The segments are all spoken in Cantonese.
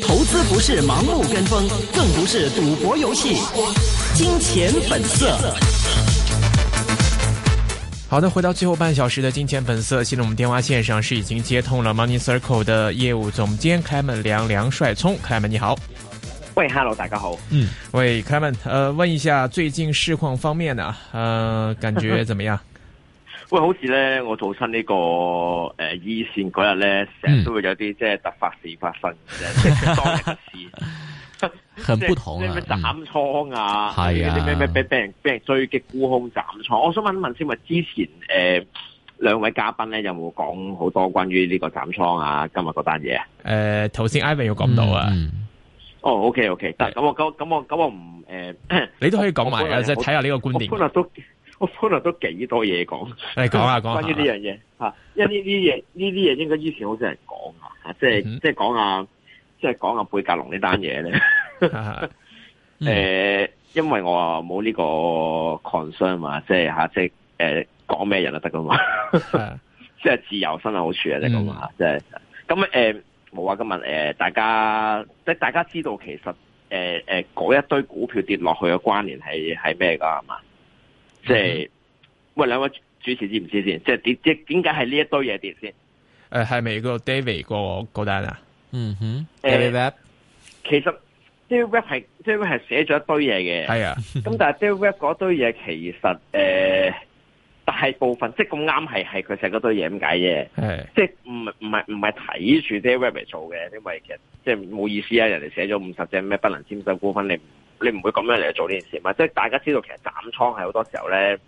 投資不是盲目跟風，更不是賭博遊戲。金錢本色。好的，回到最後半小時的《金錢本色》，現在我們電話線上是已經接通了 Money Circle 的業務總監 Clement 梁梁帥聰，Clement 你好。喂，Hello，大家好。嗯，喂，Clement，呃，問一下最近市況方面呢，呃，感覺怎麼樣？喂，好似咧，我做親、這個呃、呢個誒 E 線嗰日咧，成日都會有啲即係突發事發生嘅，嗯、即當嚟不時。 很不同啊！咩斬倉啊，係啊，咩咩咩俾人俾人追擊沽空斬倉。我想問一問，先話之前誒兩、呃、位嘉賓咧有冇講好多關於呢個斬倉啊？今日嗰單嘢誒，頭先 Ivan 有講到啊。哦、嗯 oh,，OK OK，但咁是我咁咁我咁我唔誒，呃、你都可以講埋即係睇下呢個觀點。我本來都幾多嘢講，你講下講下關於呢樣嘢吓，因為呢嘢呢啲嘢應該以前好少人講啊，即係即係講即係講啊貝格隆呢單嘢咧。誒，因為我冇呢個 concern 嘛，即係吓即係誒講咩人都得噶嘛，即係、嗯、 自由身係好處啊，即係咁啊，即係咁誒，冇啊，今日誒大家即係大家知道其實誒誒嗰一堆股票跌落去嘅關聯係係咩噶係嘛？即係、 就是、喂，兩位主持知唔知先？即係點即點解係呢一堆嘢跌先？誒、呃，係咪個 David 個歌單啊？嗯哼，誒，其實 David 係 David 係寫咗一堆嘢嘅。係是啊。 咁但係 David 嗰堆嘢其實誒、呃，大部分即係咁啱係係佢寫嗰堆嘢咁解嘅。係。即係唔唔係唔係睇住 David 嚟做嘅，因為其實即係冇意思啊！人哋寫咗五十隻咩不能簽收股份你？你唔會咁樣嚟做呢件事嘛？即係大家知道，其實斬倉係好多時候咧，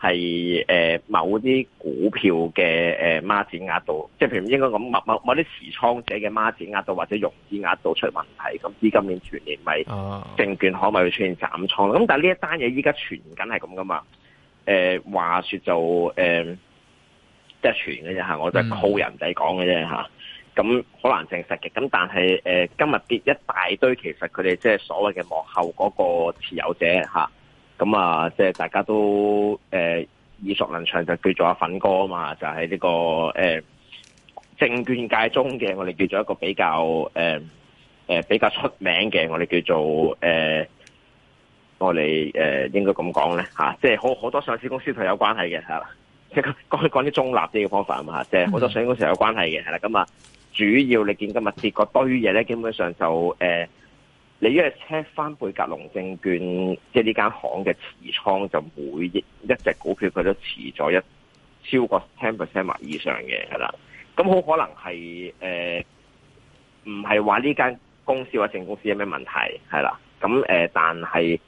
係誒某啲股票嘅誒孖展額度，即係譬如應該咁，某某某啲持倉者嘅孖展額度或者融資額度出問題，咁資金鏈全年咪證券可唔可以出現斬倉？咁但係呢一單嘢依家傳緊係咁噶嘛？誒，話說就誒，即係傳嘅啫吓，我就係靠人仔講嘅啫吓。嗯咁好難證實嘅，咁但係誒、呃、今日跌一大堆，其實佢哋即係所謂嘅幕後嗰個持有者吓，咁啊即係、啊就是、大家都誒、呃、耳熟能詳就叫做阿粉哥啊嘛，就係、是、呢、這個誒、呃、證券界中嘅我哋叫做一個比較誒誒、呃呃、比較出名嘅我哋叫做誒、呃、我哋誒、呃、應該咁講咧吓，即係好好多上市公司佢有關係嘅係啦，即係講講啲中立啲嘅方法啊嘛，即係好多上市公司有關係嘅係啦，咁啊。主要你見今日跌嗰堆嘢咧，基本上就誒、呃，你因為 check 翻貝格隆證券，即係呢間行嘅持倉就每一隻股票佢都持咗一超過 ten percent 以上嘅，噶啦。咁好可能係誒，唔係話呢間公司或者證公司有咩問題，係啦。咁、呃、但係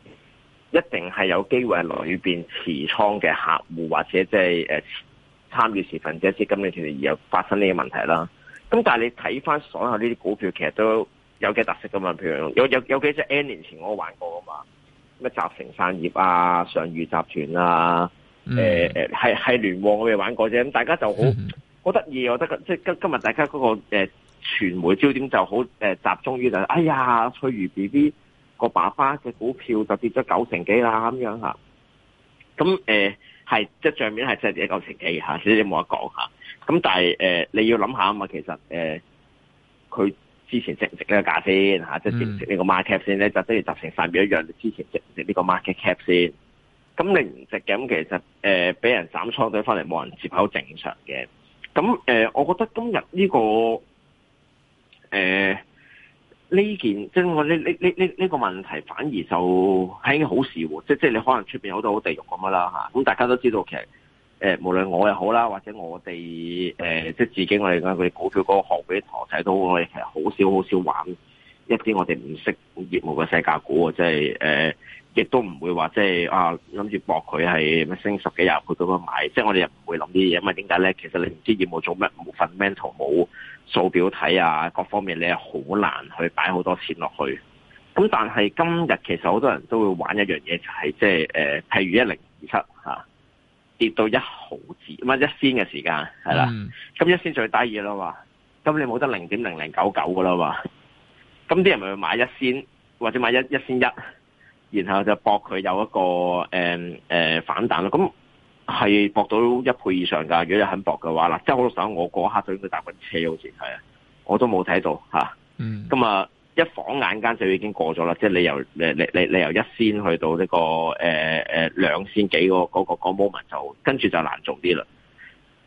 一定係有機會喺裏邊持倉嘅客戶，或者即、就、係、是呃、參與持份者，即係今年其實而又發生呢個問題啦。咁但係你睇翻所有呢啲股票，其實都有幾特色噶嘛。譬如有有有幾隻 N 年前我玩過噶嘛，咩集成生業啊、上宇集團啊，係、嗯呃、聯旺我哋玩過啫。咁大家就好好得意，我覺得即係今今日大家嗰、嗰個誒、呃、傳媒焦點就好、呃、集中於就係，哎呀翠如 B B 個爸爸嘅股票就跌咗九成幾啦咁樣嚇。咁係、呃、即係帳面係真係九成幾小姐冇得講嚇。咁但係誒、呃，你要諗下啊嘛，其實誒，佢、呃、之前值唔值呢個價先吓，即、啊、係值唔值呢個 market cap 先咧、嗯，就即係集成晒面一樣，之前值唔值呢個 market cap 先。咁你唔值嘅，咁其實誒，俾、呃、人斬倉隊翻嚟冇人接口正常嘅。咁誒、呃，我覺得今日呢、這個誒呢、呃、件，即係我呢呢呢呢呢個問題，反而就係應該好事喎。即係即係你可能出邊有好多好地獄咁樣啦吓，咁、啊、大家都知道其實。誒，無論我又好啦，或者我哋誒，即、呃、係自己我哋嗰佢股票嗰個學嗰啲堂仔都，我哋其實好少好少玩一啲我哋唔識業務嘅細價股、就是呃也不會就是、啊！即係誒，亦都唔會話即係啊，諗住搏佢係升十幾廿倍咁樣買，即、就、係、是、我哋又唔會諗啲嘢。因為點解咧？其實你唔知道業務做乜，冇 fundamental，冇數表睇啊，各方面你係好難去擺好多錢落去。咁但係今日其實好多人都會玩一樣嘢，就係即係誒，譬如一零二七嚇。跌到一毫子，咁啊一仙嘅時間係啦，咁、嗯、一仙最低嘅啦嘛，咁你冇得零點零零九九嘅啦嘛，咁啲人咪去買一仙或者買一一仙一，然後就搏佢有一個誒誒、呃呃、反彈咯，咁係搏到一倍以上㗎，如果你肯搏嘅話啦，即、就、係、是、我想我嗰刻就應該搭緊車好似係，我都冇睇到嚇，咁啊。嗯嗯。一晃眼間就已經過咗啦，即係你由誒誒誒誒由一仙去到呢、這個誒誒、呃、兩千幾、那個嗰、那個嗰 moment 就跟住就難做啲啦。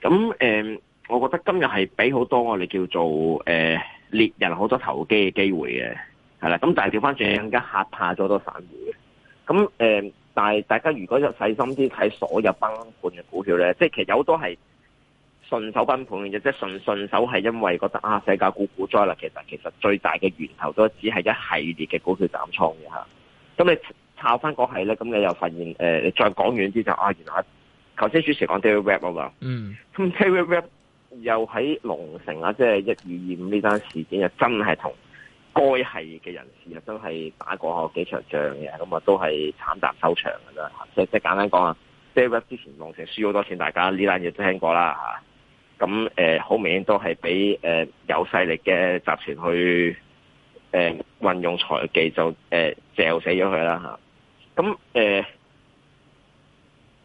咁誒、呃，我覺得今日係俾好多我哋叫做誒獵、呃、人好多投機嘅機會嘅，係啦。咁但係調翻轉更加嚇怕咗多散戶嘅。咁誒、呃，但係大家如果又細心啲睇所有崩盤嘅股票咧，即係其實有好多係。順手崩盤嘅啫，即係順順手係因為覺得啊，世界股股災啦，其實其實最大嘅源頭都只係一系列嘅股票斬倉嘅嚇。咁、啊、你抄翻嗰係咧，咁你又發現、呃、你再講遠啲就啊，原來頭先主持講 David Webb 啊嘛，嗯，咁、啊、David Webb 又喺龍城啊，即係一二二五呢單事件啊，真係同該係嘅人士啊，真係打過幾場仗嘅，咁啊都係慘淡收場嘅啫。即、啊、即簡單講啊，David Webb 之前龍城輸好多錢，大家呢單嘢都聽過啦嚇。啊。咁誒，好、呃、明顯都係俾誒有勢力嘅集團去誒、呃、運用財技就、呃了了啊呃，就誒掟死咗佢啦，咁誒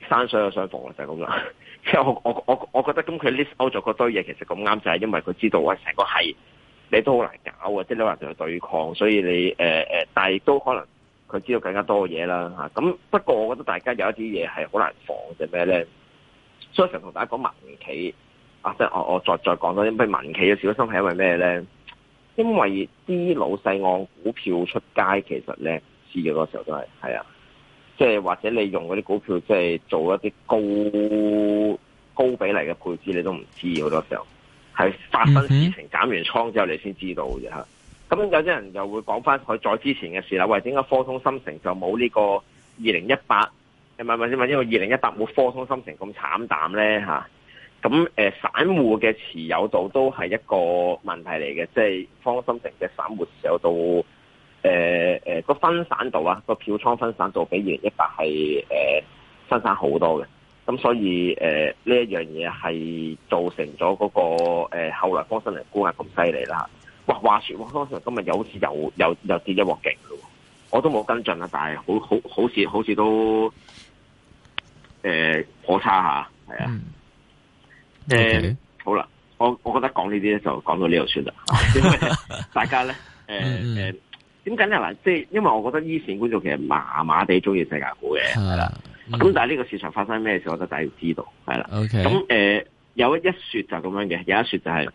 山水有相逢啊，就係咁啦。即係我我我我覺得咁佢 list out 咗嗰堆嘢，其實咁啱就係、是、因為佢知道喂成個係你都好難搞啊。即係你話就佢對抗，所以你誒誒、呃，但係亦都可能佢知道更加多嘅嘢啦，咁不過，我覺得大家有一啲嘢係好難防嘅，咩咧？所以常同大家講民企。啊！即係我我再再講多啲咩民企嘅小心係因為咩咧？因為啲老細按股票出街，其實咧知嘅多時候都係係啊，即係或者你用嗰啲股票即係做一啲高高比例嘅配置，你都唔知好多時候係發生事情減完倉之後你先知道嘅啫嚇咁有啲人又會講翻佢再之前嘅事啦，喂，點解科通芯城就冇呢個二零一八？係咪咪先問因為二零一八冇科通芯城咁慘淡咧、啊咁、呃、散戶嘅持有度都係一個問題嚟嘅，即、就、係、是、方心城嘅散戶持有度，誒誒個分散度啊，個票倉分散度比二零一八係誒分散好多嘅，咁所以誒呢、呃、一樣嘢係造成咗嗰、那個誒、呃、後來方心城估係咁犀利啦。話說説，方心城今日又好似又又又跌一鑊勁嘅，我都冇跟進啦，但係好好好似好似都誒破、呃、差下。啊。嗯誒 Okay.、嗯，好啦，我我覺得講呢啲咧就講到呢度算啦。 大家咧，誒、呃、誒，點解咧？嗱，即係因為我覺得一線觀眾其實麻麻地中意世界股嘅，係啦。咁、嗯、但係呢個市場發生咩事，我覺得大家要知道，係啦。O Okay . K、嗯。咁、呃、誒，有一說就咁樣嘅，有一說就係、是，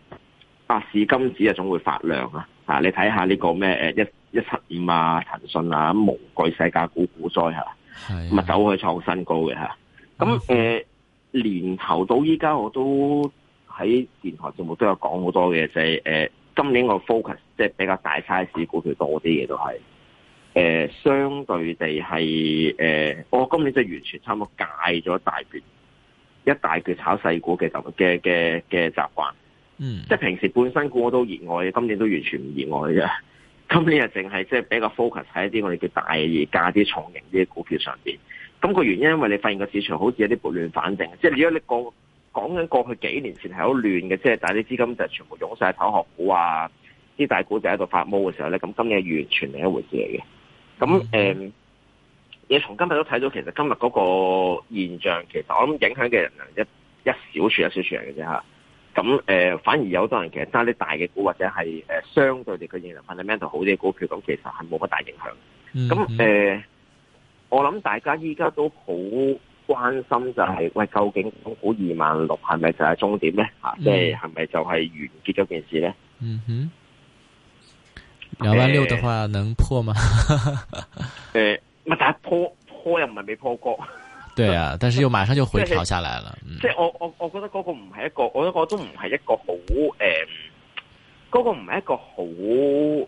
百事金子啊總會發亮啊，吓你睇下呢個咩誒一一七五啊，騰訊啊，啊，無懼世界股股災吓，係咪的走去創新高嘅吓？咁誒。嗯嗯呃年頭到依家我都喺電台節目都有講好多嘅，就係、是、誒、呃、今年我 focus 即係比較大 size 股票多啲嘅，都係誒相對地係誒我今年即係完全差唔多戒咗一大橛，一大橛炒細股嘅咁嘅嘅嘅習慣，嗯，即係平時本身股我都熱愛，今年都完全唔熱愛嘅，今年啊淨係即係比較 focus 喺一啲我哋叫大而價啲重型啲嘅股票上邊。咁個原因，因為你發現個市場好似有啲撥亂反正，即係如果你過講緊過去幾年前係好亂嘅，即係但啲資金就全部湧曬喺炒學股啊，啲大股就喺度發毛嘅時候咧，咁今日完全另一回事嚟嘅。咁誒，你、mm hmm. 呃、從今日都睇到，其實今日嗰個現象，其實我諗影響嘅人一一小撮一小撮嚟嘅啫嚇。咁、呃、反而有好多人其實揸啲大嘅股或者係、呃、相對地佢盈能，fundamental 好啲嘅股票，咁其實係冇乜大影響。咁、mm hmm. 我諗大家依家都好關心就係、是、喂，究竟好二萬六係咪就係終點咧？啊、嗯，即係係咪就係完結咗件事咧？嗯哼，兩萬六嘅話能破嗎？誒、呃 呃，但係破破又唔係未破過？對啊，但係又馬上就回調下嚟啦。即係、就是嗯、我我我覺得嗰個唔係一個，我覺得嗰個都唔係一個好誒，嗰、呃那個唔係一個好。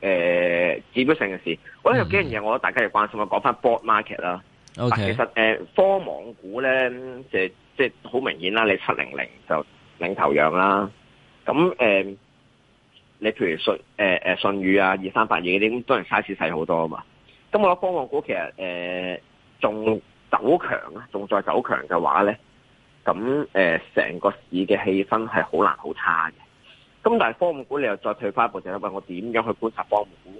誒，指標性嘅事，嗯嗯、我覺得有幾樣嘢，我覺得大家要關心，我講翻 board market 啦 Okay。O K，其實誒、呃、科網股咧，即係即係好明顯啦，你七零零就領頭羊啦。咁誒、呃，你譬如信誒誒信譽啊，二三八二嗰啲，咁都係 size 細好多啊嘛。咁我覺得科網股其實誒仲、呃、走強啊，仲再走強嘅話咧，咁誒成個市嘅氣氛係好難好差嘅。咁但係科網股，你又再退翻一步，就係問我點樣去觀察科網股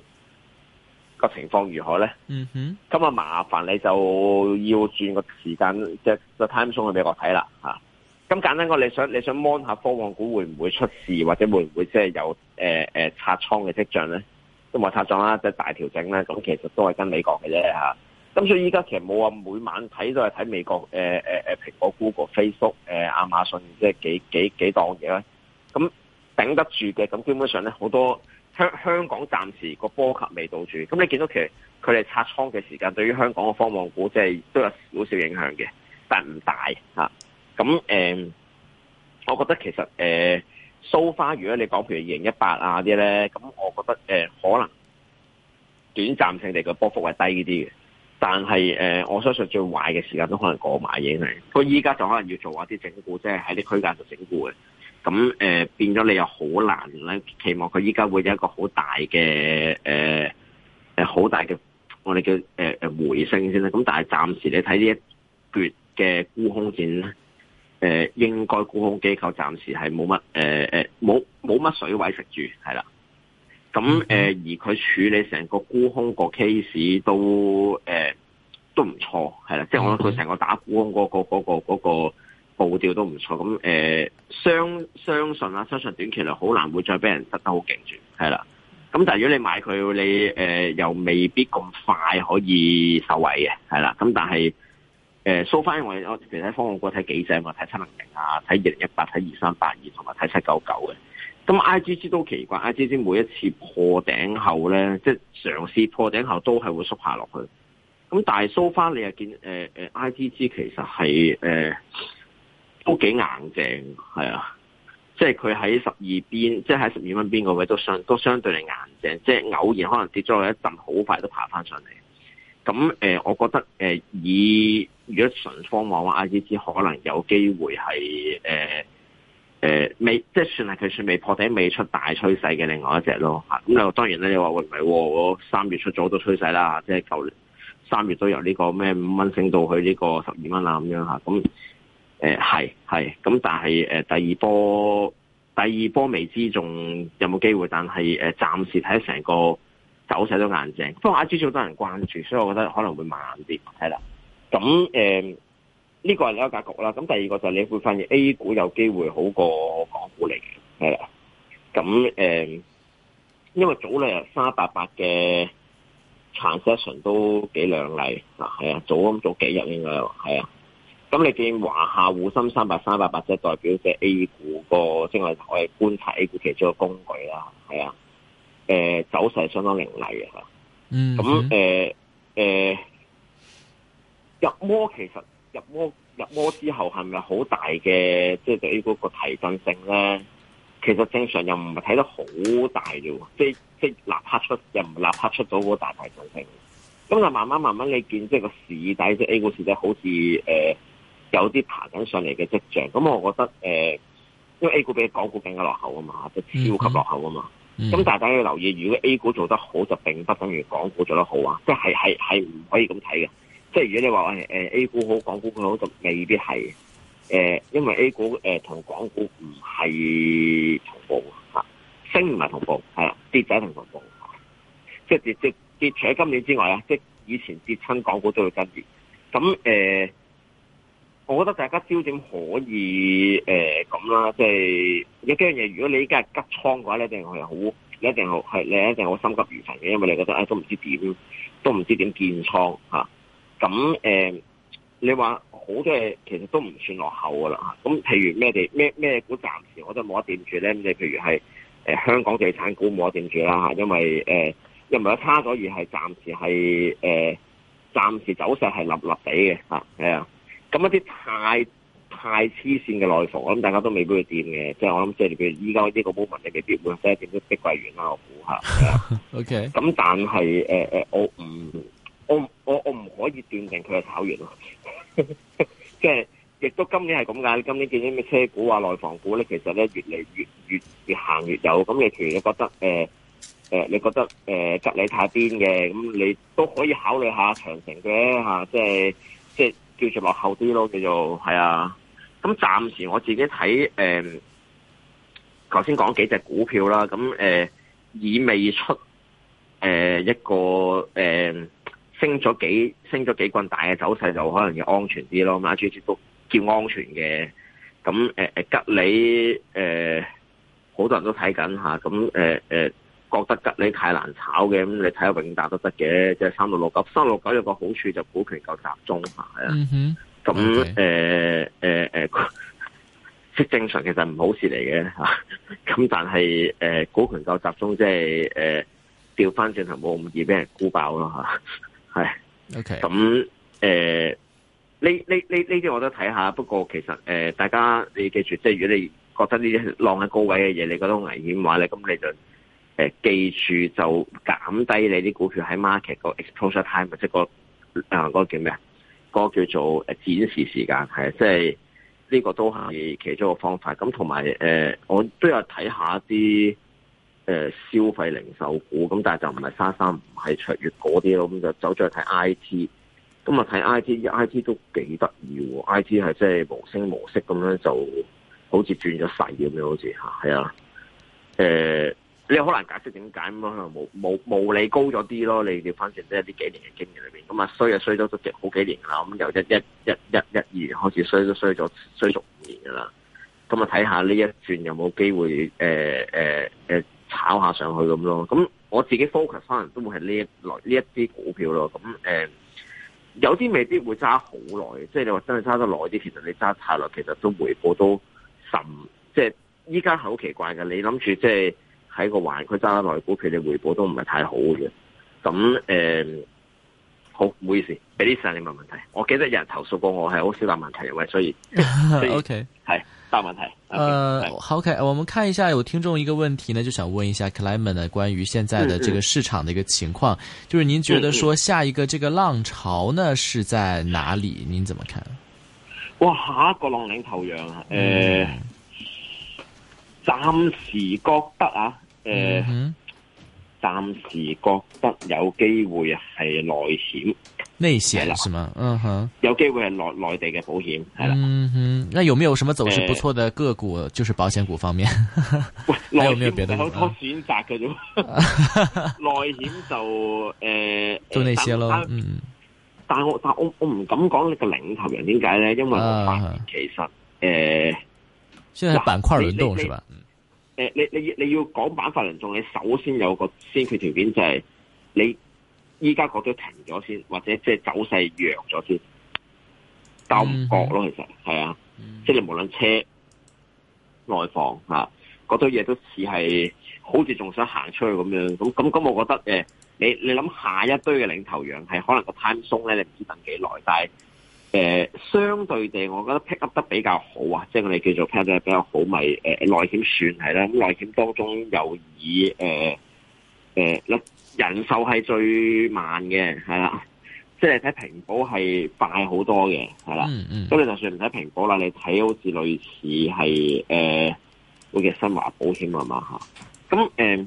個情況如何咧？咁啊、mm hmm. 麻煩你就要轉個時間，即係個 time 去俾我睇啦吓。咁、啊嗯、簡單講，你想你想 mon 下科網股會唔會出事，或者會唔會即係有誒誒、呃呃、拆倉嘅跡象咧？都唔係拆倉啦，即、就、係、是、大調整咧。咁其實都係跟美國嘅啫吓。咁、啊嗯、所以依家其實冇話每晚睇都係睇美國誒誒誒蘋果、Google Facebook,、呃、Facebook、誒亞馬遜，即係幾幾幾檔嘢咧。咁、啊嗯頂得住嘅，咁基本上咧好多香香港暫時個波及未到住，咁你見到其實佢哋拆倉嘅時間，對於香港嘅科網股即係都有少少影響嘅，但唔大吓，咁誒，啊，呃，我覺得其實誒蘇花，呃 so far, 如果你講譬如二零一八啊啲咧，咁我覺得誒，呃，可能短暫性嚟個波幅係低啲嘅，但係誒，呃，我相信最壞嘅時間都可能過埋已經係，佢依家就可能要做下啲整固，即係喺啲區間度整固嘅。咁誒、呃、變咗你又好難咧，期望佢依家會有一個好大嘅誒誒好大嘅我哋叫誒誒、呃、回升先啦。咁但係暫時你睇呢一橛嘅沽空戰咧，誒、呃、應該沽空機構暫時係冇乜誒誒冇冇乜水位食住係啦。咁誒、呃嗯、而佢處理成個沽空個 case 都誒、呃、都唔錯係啦，即係我諗佢成個打沽空嗰個嗰個嗰個。那個那個步調都唔錯，咁，誒相相信啦，相信短期內好難會再俾人得得好勁住係啦。咁但係如果你買佢，你誒、呃、又未必咁快可以受惠嘅係啦。咁但係誒數返，我我其實喺方控過睇幾隻，我睇七零零啊，睇二零一八，睇二三八二同埋睇七九九嘅。咁 IGG 都奇怪，IGG 每一次破頂後咧，即係嘗試破頂後都係會縮下落去。咁但係數返，你又見誒、呃呃、IGG 其實係誒。呃都幾硬淨，係啊！即係佢喺十二邊，即係喺十二蚊邊個位都相都相對嚟硬淨，即係偶然可能跌咗落一陣，好快都爬翻上嚟。咁、呃、我覺得、呃、以如果純方望話 I C C，可能有機會係誒、呃呃、未，即係算係佢算未破頂、未出大趨勢嘅另外一隻咯嚇。咁又當然咧，你話會唔會我三月出咗都趨勢啦？即係舊年三月都由呢個咩五蚊升到去呢個十二蚊啦咁樣咁。誒，係係咁，但係誒、呃、第二波，第二波未知仲有冇機會，但係誒，暫時睇成個走勢都硬淨，不過 A 股仲多人關注，所以我覺得可能會慢啲係啦。咁誒，呢個係一個格局啦。咁第二個就你會發現 A 股有機會好過港股嚟嘅係啦。咁誒、呃、因為早兩日三八八嘅 transaction 都幾靚麗係，係啊，早咁早幾日應該係啊。咁你見華夏滬深三百三百八，即係代表者 A 股個，即係我哋我哋觀察 A 股的其中一個工具啦，係啊，誒走勢相當凌厲嘅吓，嗯，咁誒誒入魔其實入魔入魔之後係咪好大嘅，即係對 A 股個提振性咧？其實正常又唔係睇得好大嘅，即係即係立刻出又唔立刻出到個大提振性，咁就慢慢慢慢你見即係個市底，即係 A 股市底好似誒。呃有啲爬緊上嚟嘅跡象，咁我覺得誒、呃，因為 A 股比港股更加落後啊嘛，即超級落後啊嘛。咁、嗯嗯、大家要留意，如果 A 股做得好，就並不等於港股做得好啊，即係係係唔可以咁睇嘅。即係如果你話、呃、A 股好，港股佢好，就未必係誒、呃，因為 A 股同、呃、港股唔係同步啊，升唔係同步，係、啊、跌仔同同步。啊、即係跌跌，跌除咗今年之外啊，即係以前跌親港股都要跟住。咁誒。呃我覺得大家焦點可以誒咁啦，即係一樣嘢。如果你依家係急倉嘅話咧，一定係好，你一定係你一定好心急如焚嘅，因為你覺得都唔知點，都唔知點建倉嚇。咁、啊、誒、啊，你話好多嘢其實都唔算落後噶啦，咁譬如咩地咩咩股暫時我都冇得掂住咧。你譬如係、呃、香港地產股冇得掂住啦、啊、因為誒因為一差咗而係暫時係誒、呃、暫時走勢係立立地嘅係啊。咁一啲太太黐線嘅內房，我諗大家都未必去掂嘅，即係我諗即係佢依家呢啲個 moment，你未必會即一點都碧桂園啦。我估下 ，OK 但但。咁但係誒誒，我唔，我我我唔可以斷定佢係炒完咯。 即係亦都今年係咁噶，你今年見啲咩車股啊、內房股咧，其實咧越嚟越越越行越有。咁你譬如你覺得誒誒、呃，你覺得誒吉利、呃呃、你、呃、太邊嘅，咁你都可以考慮下長城嘅吓、啊，即係即係。叫做落後啲咯，叫做係啊。咁暫時我自己睇，誒、呃，頭先講幾隻股票啦。咁誒、呃，以未出誒、呃、一個誒、呃、升咗幾升咗幾棍大嘅走勢，就可能要安全啲咯。咁啊，主要都叫安全嘅。咁誒誒，吉利誒，好、呃、多人都睇緊吓。咁誒誒。呃覺得吉你太難炒嘅，咁你睇下永達都得嘅，即係三六六九，三六九有個好處就是股權夠集中，下。啊，咁誒誒誒，即正常，其實唔好事嚟嘅吓，咁但係誒股權夠集中，就是，即係誒調翻轉頭冇咁易俾人沽爆咯吓，係、啊啊，OK，咁誒呢呢呢呢啲我都睇下，不過其實誒、呃、大家你記住，即、就、係、是、如果你覺得呢啲浪喺高位嘅嘢，你覺得危險嘅話咧，咁你就。誒記住就減低你啲股票喺 market 個 exposure time，即係、嗰個啊嗰、嗰個叫咩啊？嗰、嗰個叫做誒展示時間係，即係呢個都係其中一個方法。咁同埋誒，我都有睇下一啲誒、呃、消費零售股，咁但係就唔係莎莎唔係卓越嗰啲咯。咁就走咗去睇 I T，咁啊睇 I T，I T 都幾得意喎！I T 係即係無聲無息咁樣，就好似轉咗勢咁樣，好似係啊誒。呃你好難解釋點解咁咯，冇冇冇理高咗啲咯，你調反正即係呢幾年嘅經驗裏邊，咁啊衰啊衰咗都好幾年噶啦，咁由一一一一一二開始衰都衰咗衰足五年噶啦，咁啊睇下呢一轉有冇機會誒誒誒炒下上去咁咯，咁我自己 focus 翻都會係呢一類呢一啲股票咯，咁誒、呃、有啲未必會揸好耐，即係你話真係揸得耐啲，其實你揸太耐其實都回報都甚，即係依家係好奇怪嘅，你諗住即係。喺個環區揸內股，其實回報都唔係太好嘅。咁誒、呃，好唔好意思，俾啲時間你問問題。我記得有人投訴過我，係好少答問題嘅，喂。所以，所以，OK，係答問題。誒，好嘅，我們看一下有聽眾一個問題呢，就想問一下 Clement 嘅關於現在的這個市場的一個情況，嗯嗯就是您覺得說下一個這個浪潮呢是在哪裏？您怎麼看？哇，下一個浪領頭羊啊？誒、呃，嗯、暫時覺得啊。誒，暫時覺得有機會係內險，內險啦，係嘛，嗯哼，有機會係內內地嘅保險，係啦，嗯哼，那有沒有什麼走勢不錯的個股？就是保險股方面，內險好多選擇嘅啫，內險就誒，就那些咯。但係我但係我我唔敢講你個領頭人點解咧，因為其實誒，現在板塊輪動是吧？誒，你你你要講板法輪仲，你首先有個先決條件就係你依家覺得停咗先，或者即係走勢弱咗先，就唔覺咯。Hmm. 其實係、mm hmm. 啊，即係無論車內放吓，嗰堆嘢，都似係好似仲想行出去咁樣。咁咁咁，我覺得誒，你你諗下一堆嘅領頭羊係可能個 time 鬆咧，你唔知等幾耐，但係。.誒、呃，相對地，我覺得 pick up 得比較好啊，即係我哋叫做 pick up 得比較好咪誒、就是呃，內險算係啦。咁內險當中又以誒誒、呃呃，人壽係最慢嘅，係啦。即係睇平保係快好多嘅，係啦。咁、mm hmm. 你就算唔睇平保啦，你睇好似類似係誒，嗰、呃、嘅新華保險啊嘛吓。咁誒，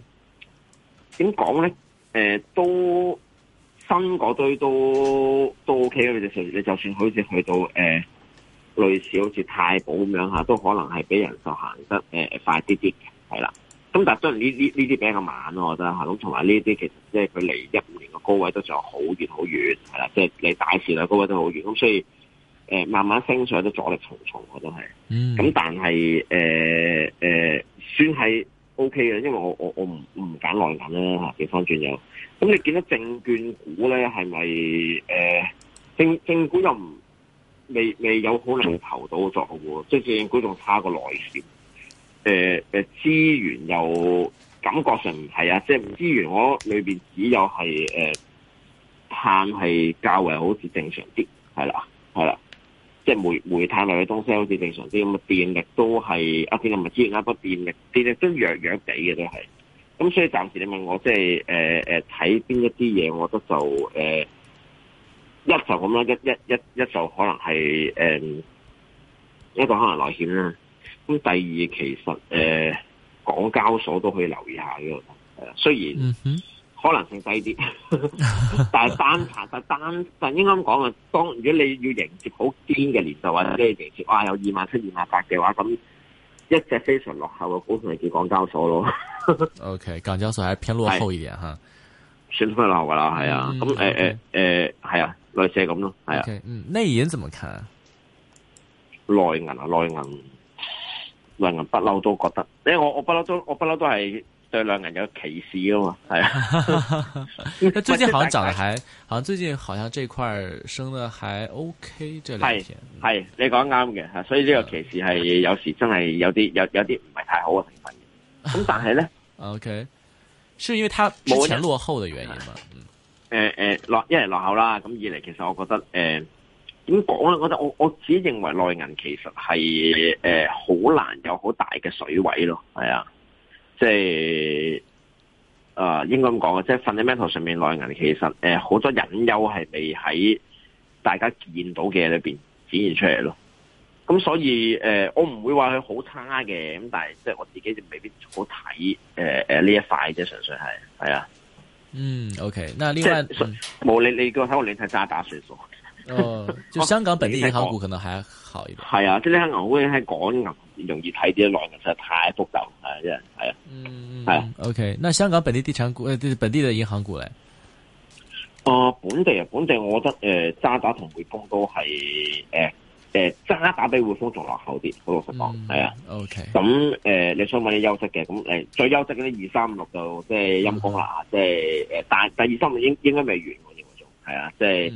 點講咧？誒、呃呃，都。新嗰堆都都 O K 嘅，你就算好似去到誒、呃、類似好似太保咁樣吓，都可能係俾人就行得、呃、快啲啲嘅，係啦。咁但係當然呢呢呢啲比較慢咯，我覺得吓。咁同埋呢啲其實即係佢離一五年嘅高位都仲有好遠好遠，係啦，即係你大市嘅高位都好遠。咁所以、呃、慢慢升上都阻力重重，我都係。嗯。咁但係誒誒算係。O K 嘅，因為我我我唔唔揀內銀啦吓，地方轉有。咁你見到證券股咧係咪誒證證股又唔未未有可能投到作喎？即係證券股仲差個內線、呃，資源又感覺上唔係啊，即係資源我裏面只有係誒碳係較為好似正常啲，係啦，係啦。即係煤煤炭類嘅東西好似正常啲，咁電力都係一啲咁嘅資源級不電，電力，電力都係弱弱地嘅都係。咁所以暫時你問我即係誒誒睇邊一啲嘢，我覺得就誒、呃、一就咁啦，一一一一就可能係誒、呃、一個可能內險啦。咁第二其實誒、呃、港交所都可以留意一下嘅，誒雖然。嗯哼。可能性低啲，但係單查就 單，但應該咁講啊。當如果你要迎接好堅嘅年數或者你迎接哇有二萬七二萬八嘅話，咁一隻非常落後嘅股份係叫港交所咯。OK，港交所係偏落後一點吓，是哈算落後噶啦，係啊。咁誒誒誒，係啊，類似係咁咯，係啊。Okay, 嗯，內銀怎麼看啊？內銀啊，內銀，內銀不嬲都覺得，因為我我不嬲都我不嬲都係。對內銀有歧視嘛啊嘛，係啊。最近好像長得還，好像最近好像這塊升得還 OK、 嗯。係係，你講得啱嘅吓，所以呢個歧視係有時真係有啲有有啲唔係太好嘅成分的。咁但係咧 ，OK，是因為他之前落後的原因嘛？誒誒，落一嚟落後啦，咁二嚟其實我覺得誒，點講咧？我覺得我我自己認為內銀其實係誒好難有好大嘅水位咯，係啊。即係誒，應該咁講嘅，即係 fundamental 上面內銀其實誒好多隱憂係未喺大家見到嘅裏邊展現出嚟咯。咁所以誒，我唔會話佢好差嘅，咁但係即係我自己就未必好睇誒誒呢一塊啫，純粹係係啊。嗯，OK，那另外冇你你睇頭，你睇渣打算數。哦， oh, 就香港本地銀行股可能還好一點。係啊、 嗯，即係你喺牛股，你喺港股容易睇啲，內地實在太複雜，係啊，係啊，係啊。O K.，那香港本地地產股本地的銀行股咧。啊、嗯，okay. 本地啊，本地我覺得誒、呃、渣打同匯豐都係誒誒渣打比匯豐仲落後啲，我老實講，係啊。O K.，咁誒你想揾啲優質嘅，咁誒最優質嗰啲二三六就即係陰功啦，即係誒但係第二三六應應該未完嘅呢係啊，即係。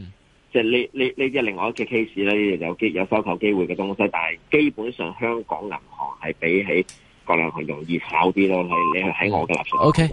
即係呢呢呢啲另外一嘅 case 咧，有機有收購機會嘅東西，但係基本上香港銀行係比起國內行容易炒啲咯。你你係喺我嘅立場。Okay.